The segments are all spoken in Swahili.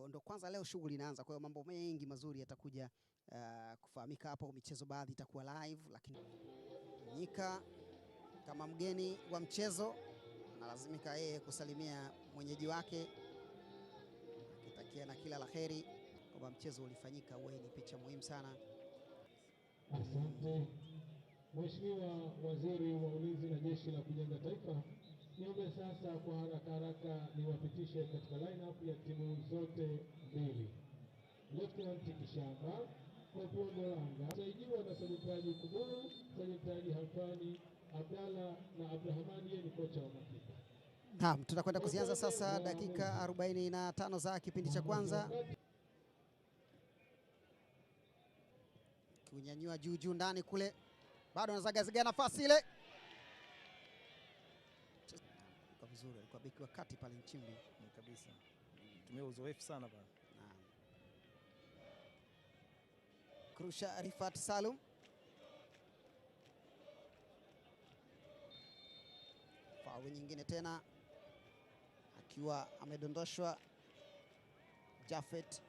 Kwa ndo kwanza leo shughuli inaanza, kwa hiyo mambo mengi mazuri yatakuja uh, kufahamika hapo. Michezo baadhi itakuwa live, lakini Nyika kama mgeni wa mchezo analazimika yeye kusalimia mwenyeji wake akitakia na kila laheri kwamba mchezo ulifanyika. Wewe ni picha muhimu sana. Asante Mheshimiwa Waziri wa Ulinzi na Jeshi la Kujenga Taifa niombe sasa kwa haraka haraka niwapitishe katika lineup ya timu zote mbili. Lieutenant Kishamba Kopio Golanga saidiwa na Sanitaji Kuburu, Sajitaji Halfani Abdalla na Abdrahamani, yeye ni kocha wa makipa. Naam, tunakwenda kuzianza sasa dakika 45 za kipindi cha kwanza. Kunyanyua juu juu ndani kule, bado anazagazigia nafasi ile vizuri, alikuwa beki wa kati pale Nchimbi kabisa, tumia uzoefu sana pale. Krusha Rifat Salum faulu nyingine tena akiwa amedondoshwa Jafet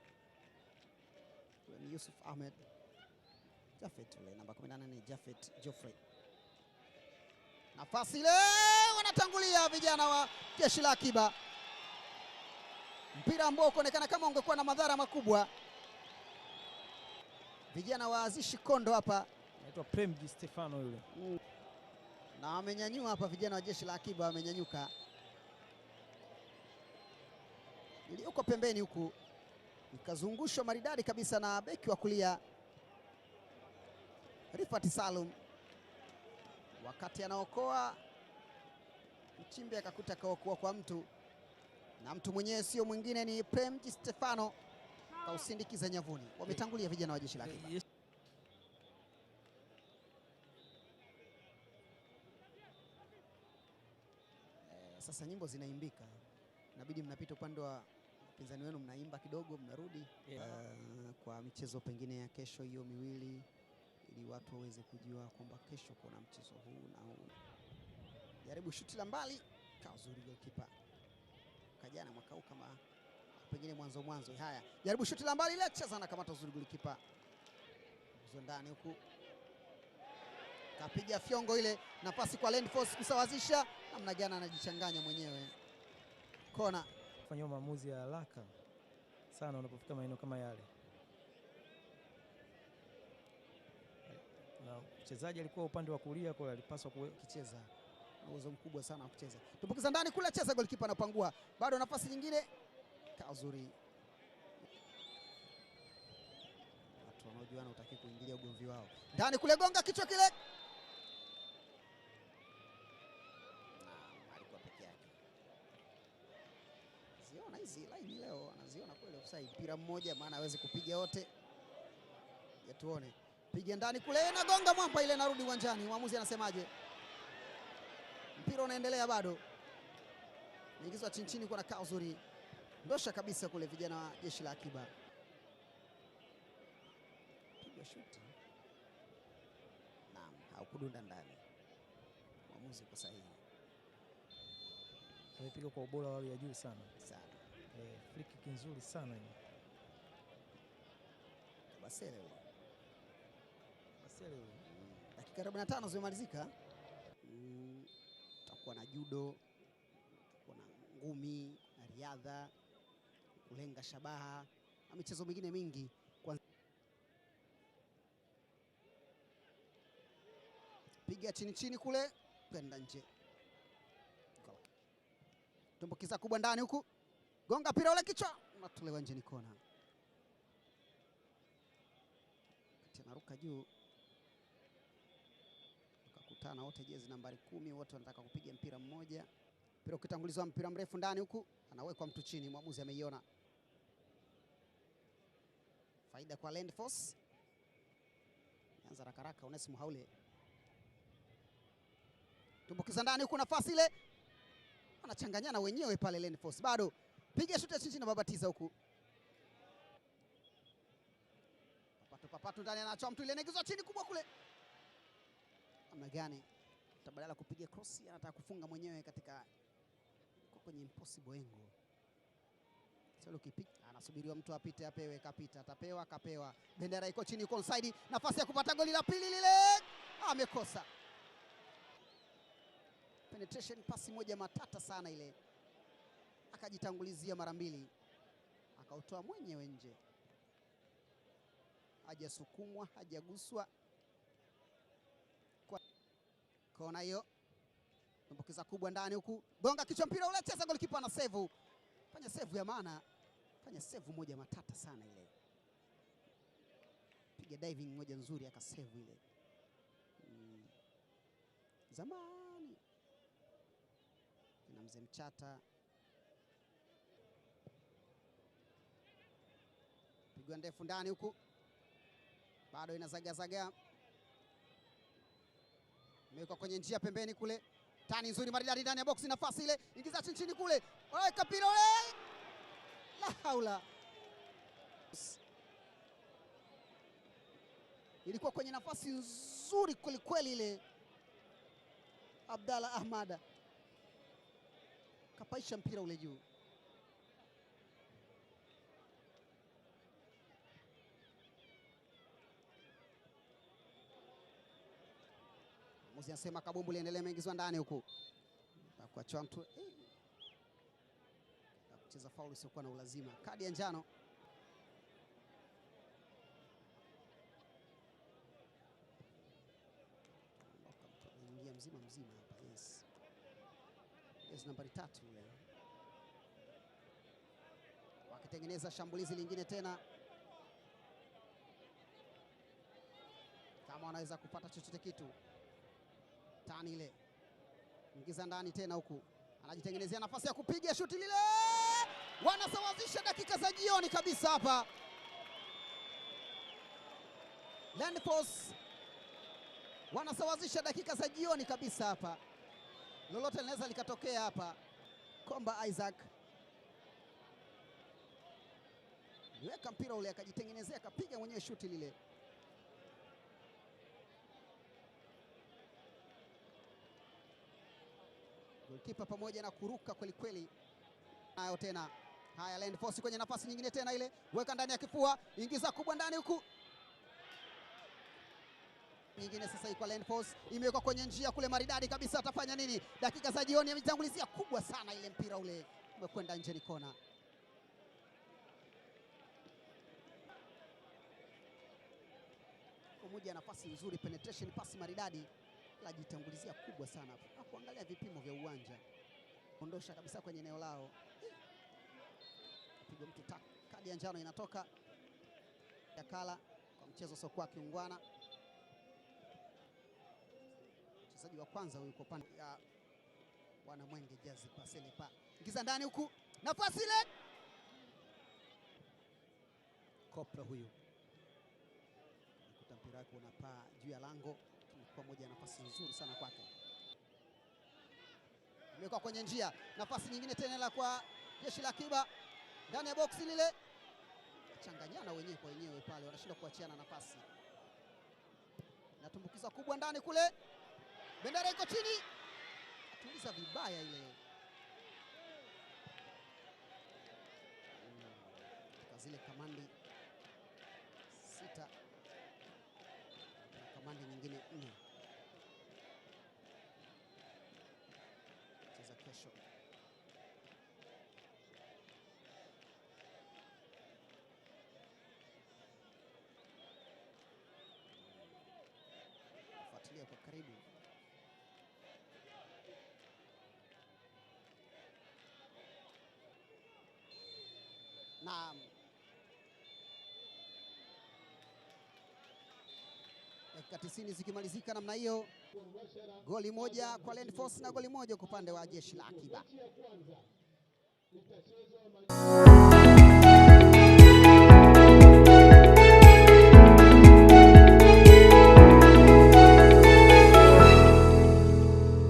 ni Yusuf Ahmed Jafet ule namba 18 Jafet Geoffrey nafasi ile wanatangulia vijana wa jeshi la akiba. Mpira ambao ukaonekana kama ungekuwa na madhara makubwa. Vijana wa Azishi Kondo hapa, anaitwa Premji Stefano yule, na wamenyanyua hapa, vijana wa jeshi la akiba wamenyanyuka. Iliyoko pembeni huku ikazungushwa maridadi kabisa na beki wa kulia Rifat Salum wakati anaokoa Chimbe akakuta kaokoa kwa mtu na mtu mwenyewe sio mwingine ni Premji Stefano kausindikiza nyavuni. Wametangulia vijana wa jeshi la akiba. Eh, sasa nyimbo zinaimbika, inabidi mnapita upande wa mpinzani wenu, mnaimba kidogo, mnarudi yeah. Uh, kwa michezo pengine ya kesho hiyo miwili, ili watu waweze kujua kwamba kesho kuna mchezo huu na huu jaribu shuti la mbali, kauzuri golikipa kajana mwaka huu kama pengine mwanzo mwanzo. Haya, jaribu shuti la mbali lecha sana kama tazuri uzuri golikipa ndani huku, kapiga fyongo ile na pasi kwa Landforce kusawazisha. Namna gani anajichanganya mwenyewe, kona fanyia maamuzi ya haraka sana unapofika maeneo kama yale, na mchezaji alikuwa upande wa kulia kwa alipaswa kucheza na uwezo mkubwa sana wa kucheza. Tupokeza ndani kule, cheza golikipa anapangua, bado nafasi nyingine. Kazuri, watu wanaojuana utaki kuingilia ugomvi wao. Ndani kule, gonga kichwa kile, alikuwa Ziona hizi leo, anaziona kweli offside. Mpira mmoja, maana hawezi kupiga wote. Tuone, piga ndani kule, nagonga mwamba ile, narudi uwanjani. Mwamuzi anasemaje? mpira unaendelea bado, naingizwa chinchini chini kwa nakao zuri, ndosha kabisa kule, vijana wa jeshi la akiba piga shuti. Naam, haukudunda ndani, mwamuzi kwa sahihi, amepiga kwa ubora wa hali ya juu sana sana. E, free kick nzuri sana hii. Basele huyo Basele huyo, hmm, dakika 45 zimemalizika kulikuwa na judo, kulikuwa na ngumi na riadha, kulenga shabaha na michezo mingine mingi. Piga chini chini kule kwenda nje, tumbukiza kubwa ndani huku, gonga pira ule kichwa, natolewa nje, ni kona. Kati juu wanakutana wote jezi nambari kumi, wote wanataka kupiga mpira mmoja. Mpira ukitangulizwa, mpira mrefu ndani huku, anawekwa mtu chini, mwamuzi ameiona. Faida kwa Land Force. Anza rakaraka Onesmo Haule. Tumbukiza ndani huku, nafasi ile. Wanachanganyana wenyewe pale Land Force. Bado piga shuti chini na babatiza huku. Papatu papatu ndani, anachoa mtu ile, inaingizwa chini kubwa kule namna gani tabadala kupiga cross, anataka kufunga mwenyewe katika kwenye impossible angle. anasubiriwa mtu apite, apewe, kapita, atapewa, kapewa. Bendera iko chini, yuko onside, nafasi ya kupata goli la pili lile, ah, amekosa. Penetration pasi moja matata sana ile, akajitangulizia mara mbili, akautoa mwenyewe nje, hajasukumwa, hajaguswa. Kona hiyo tumbukiza kubwa ndani huku, gonga kichwa mpira ule, cheza golikipa na save. Fanya save ya maana, fanya save moja matata sana ile, piga diving moja nzuri aka save ile mm. Zamani na mzee Mchata pigwa ndefu ndani huku, bado inazagazaga Imewekwa kwenye njia pembeni kule. Tani nzuri maridadi ndani ya boksi, nafasi ile, ingiza chini chini kule, weka mpira ule, eh! la haula! Ilikuwa kwenye nafasi nzuri kwelikweli ile. Abdalla Ahmada kapaisha mpira ule juu. mwamuzi anasema kabumbu liendelee, ameingizwa ndani huku kuachwa mtu hey. kucheza faulu isiyokuwa na ulazima, kadi ya njano. Ingia mzima mzima hapa, yes yes, nambari tatu yule, wakitengeneza shambulizi lingine tena kama wanaweza kupata chochote kitu tani ile, ingiza ndani tena huku, anajitengenezea nafasi ya kupiga shuti lile. Wanasawazisha dakika za jioni kabisa hapa. Landforce wanasawazisha dakika za jioni kabisa hapa, lolote linaweza likatokea hapa. Komba Isaac weka mpira ule akajitengenezea akapiga mwenyewe shuti lile. mkipa pamoja na kuruka kwelikweli. Nayo tena haya, force kwenye nafasi nyingine tena, ile weka ndani ya kifua, ingiza kubwa ndani huku nyingine sasa iko force imewekwa kwenye njia kule, maridadi kabisa. Atafanya nini? Dakika za jioni, amejitangulizia kubwa sana, ile mpira ule umekwenda nje, ni kona. Umuja nafasi nzuri, penetration pass maridadi lajitangulizia kubwa sana hapo, kuangalia vipimo vya uwanja, ondosha kabisa kwenye eneo lao, piga mtu tak, kadi ya njano inatoka Yakala kwa mchezo sokuwa kiungwana. Mchezaji wa kwanza huyu kwa upande ya bwana Mwenge Jazi pasele pa ingiza ndani huku, nafasi ile kopra huyu kuta mpira wake unapaa juu ya lango pamoja moja, nafasi nzuri sana kwake, amewekwa kwenye njia. Nafasi nyingine tena la kwa jeshi la akiba ndani ya boksi lile, changanyana wenyewe kwa wenyewe pale, wanashindwa kuachiana nafasi. Natumbukiza kubwa ndani kule, bendera iko chini, atuliza vibaya ile zile kamandi sita komanda nyingine nne cheza kesho. Fuatilia kwa karibu na dakika 90 zikimalizika namna hiyo, goli moja kwa Land Force na goli moja kwa upande wa Jeshi la Akiba.